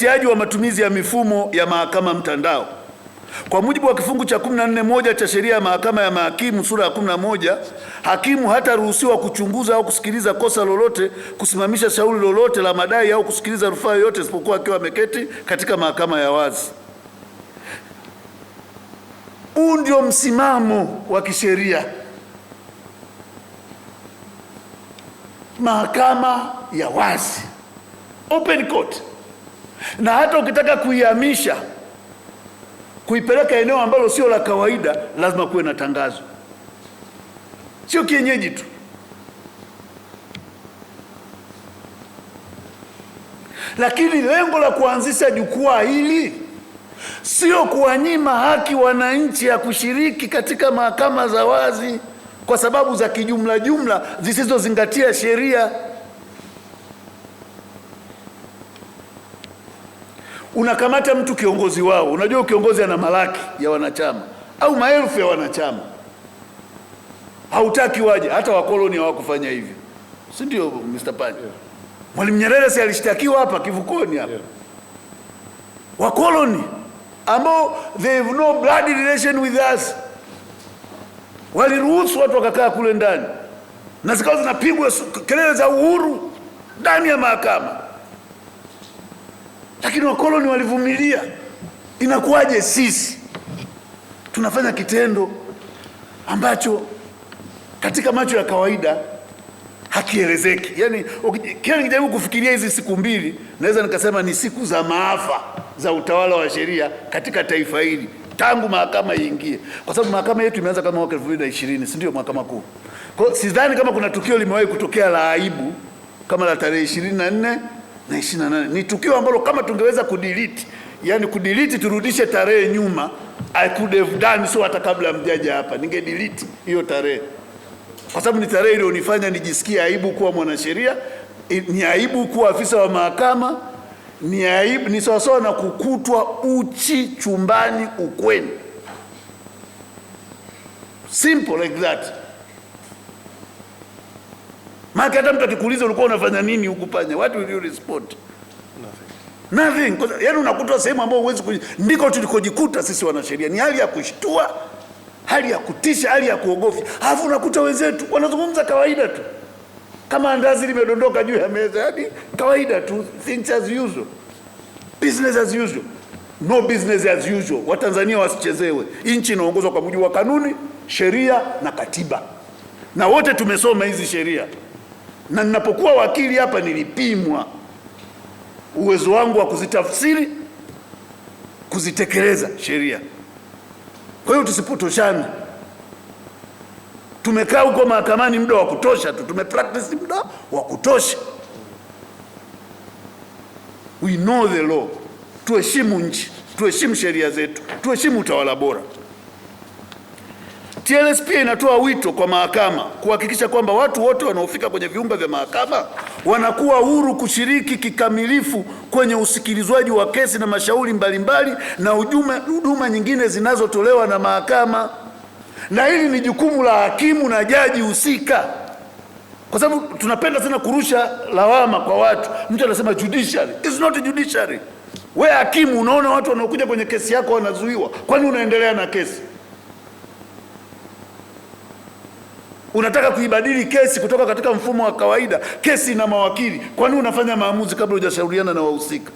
Ufuatiliaji wa matumizi ya mifumo ya mahakama mtandao. Kwa mujibu wa kifungu cha 14.1 cha sheria ya mahakama ya mahakimu sura ya 11, hakimu hataruhusiwa kuchunguza au kusikiliza kosa lolote, kusimamisha shauri lolote la madai au kusikiliza rufaa yoyote isipokuwa akiwa ameketi katika mahakama ya wazi. Huu ndio msimamo wa kisheria. Mahakama ya wazi, open court na hata ukitaka kuihamisha kuipeleka eneo ambalo sio la kawaida, lazima kuwe na tangazo, sio kienyeji tu. Lakini lengo la kuanzisha jukwaa hili sio kuwanyima haki wananchi ya kushiriki katika mahakama za wazi kwa sababu za kijumla jumla zisizozingatia sheria. Unakamata mtu kiongozi wao, unajua kiongozi ana malaki ya wanachama au maelfu ya wanachama, hautaki waje. Hata wakoloni hawakufanya hivyo, si ndio Mr. Pan? Yeah. Mwalimu Nyerere si alishtakiwa hapa kivukoni hapa? Yeah. Wakoloni ambao they have no blood relation with us waliruhusu watu wakakaa kule ndani na zikawa zinapigwa kelele za uhuru ndani ya mahakama lakini wakoloni walivumilia. Inakuwaje sisi tunafanya kitendo ambacho katika macho ya kawaida hakielezeki? Yani kila nikijaribu kufikiria hizi siku mbili, naweza nikasema ni siku za maafa za utawala wa sheria katika taifa hili tangu mahakama iingie, kwa sababu mahakama yetu imeanza kama mwaka 2020 si ndio? Mahakama Kuu. kwao sidhani kama kuna tukio limewahi kutokea la aibu kama la tarehe na nne na nane ni tukio ambalo kama tungeweza kudelete, yani kudelete turudishe tarehe nyuma, I could have done so hata kabla mjaja hapa, ningediliti hiyo tarehe kwa sababu ni tarehe iliyonifanya nijisikie aibu kuwa mwanasheria, ni aibu kuwa afisa wa mahakama, ni aibu, ni sawasawa na kukutwa uchi chumbani ukweni, simple like that. Maana hata mtu akikuuliza ulikuwa unafanya nini ukupanya, what will you respond? Nothing. Nothing. Yaani unakuta sehemu ambayo huwezi kuj... ndiko tulikojikuta sisi wanasheria. Ni hali ya kushtua, hali ya kutisha, hali ya kuogofya. Alafu unakuta wenzetu wanazungumza kawaida tu kama andazi limedondoka juu ya meza, yaani kawaida tu, things as usual, business as usual. No business as usual. Watanzania wasichezewe. Nchi inaongozwa kwa mujibu wa kanuni, sheria na katiba, na wote tumesoma hizi sheria na ninapokuwa wakili hapa nilipimwa uwezo wangu wa kuzitafsiri, kuzitekeleza sheria. Kwa hiyo tusipotoshane, Tumekaa huko mahakamani muda wa kutosha tu, practice muda wa kutosha. We know the law. Tuheshimu nchi, tuheshimu sheria zetu, tuheshimu utawala bora. TLS pia inatoa wito kwa mahakama kuhakikisha kwamba watu wote wanaofika kwenye viumba vya mahakama wanakuwa huru kushiriki kikamilifu kwenye usikilizwaji wa kesi na mashauri mbalimbali na huduma nyingine zinazotolewa na mahakama, na hili ni jukumu la hakimu na jaji husika, kwa sababu tunapenda sana kurusha lawama kwa watu. Mtu anasema judiciary It's not judiciary. We hakimu, unaona watu wanaokuja kwenye kesi yako wanazuiwa, kwani unaendelea na kesi? Unataka kuibadili kesi kutoka katika mfumo wa kawaida, kesi na mawakili. Kwa nini unafanya maamuzi kabla hujashauriana na wahusika?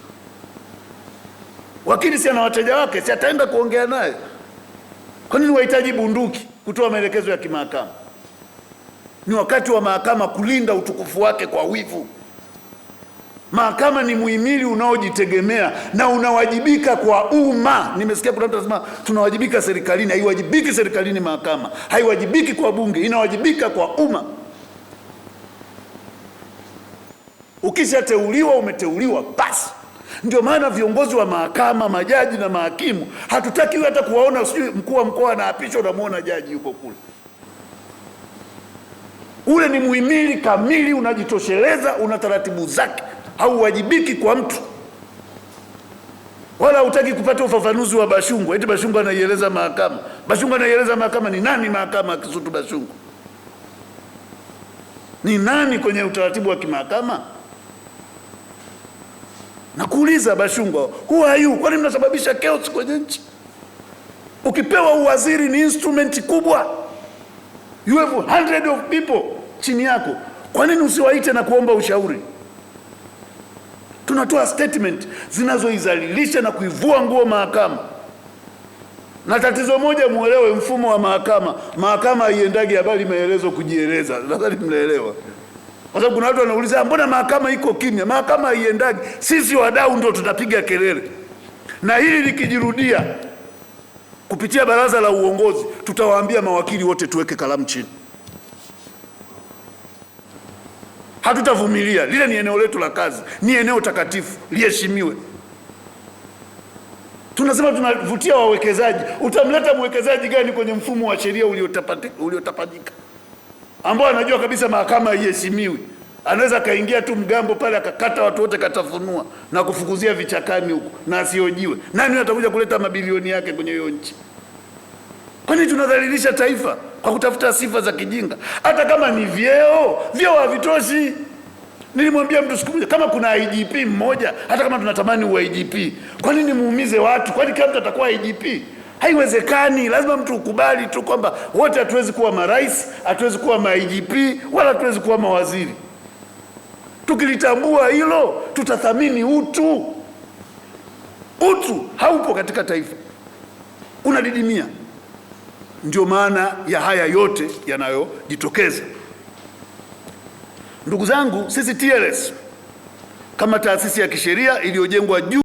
Wakili si ana wateja wake, si ataenda kuongea naye? Kwa nini wahitaji bunduki kutoa maelekezo ya kimahakama? Ni wakati wa mahakama kulinda utukufu wake kwa wivu. Mahakama ni muhimili unaojitegemea na unawajibika kwa umma. Nimesikia kuna mtu anasema tunawajibika serikalini. Haiwajibiki serikalini, mahakama haiwajibiki kwa bunge, inawajibika kwa umma. Ukishateuliwa umeteuliwa basi. Ndio maana viongozi wa mahakama, majaji na mahakimu hatutaki hata kuwaona, sijui mkuu wa mkoa anaapishwa, unamwona jaji yuko kule. Ule ni muhimili kamili, unajitosheleza, una taratibu zake hauwajibiki kwa mtu wala hutaki kupata ufafanuzi wa Bashungu. eti Bashungu anaieleza mahakama. Bashungu anaieleza mahakama ni nani? Mahakama ya Kisutu ni nani kwenye utaratibu wa kimahakama? Nakuuliza Bashungwa, who are you? Kwani mnasababisha chaos kwenye nchi? Ukipewa uwaziri ni instrumenti kubwa, you have hundred of people chini yako, kwa nini usiwaite na kuomba ushauri? tunatoa statement zinazoizalilisha na kuivua nguo mahakama. Na tatizo moja muelewe, mfumo wa mahakama, mahakama haiendagi habari maelezo kujieleza, nadhani mnaelewa, kwa sababu kuna watu wanauliza mbona mahakama iko kimya? Mahakama haiendagi. Sisi wadau ndio tutapiga kelele, na hili likijirudia kupitia baraza la uongozi, tutawaambia mawakili wote tuweke kalamu chini. hatutavumilia. Lile ni eneo letu la kazi, ni eneo takatifu, liheshimiwe. Tunasema tunavutia wawekezaji. Utamleta mwekezaji gani kwenye mfumo wa sheria uliotapanyika ambao anajua kabisa mahakama haiheshimiwi? Anaweza akaingia tu mgambo pale akakata watu wote, katafunua na kufukuzia vichakani huko na asiojiwe. Nani atakuja kuleta mabilioni yake kwenye hiyo nchi? Kwani tunadhalilisha taifa? kwa kutafuta sifa za kijinga, hata kama ni vyeo. Vyeo havitoshi. Nilimwambia mtu siku moja, kama kuna IGP mmoja, hata kama tunatamani uwe IGP, kwa nini muumize watu? Kwani kila mtu atakuwa IGP? Haiwezekani. Lazima mtu ukubali tu kwamba wote hatuwezi kuwa marais, hatuwezi kuwa ma IGP wala hatuwezi kuwa mawaziri. Tukilitambua hilo, tutathamini utu. Utu haupo katika taifa, unadidimia ndio maana ya haya yote yanayojitokeza. Ndugu zangu, sisi TLS kama taasisi ya kisheria iliyojengwa juu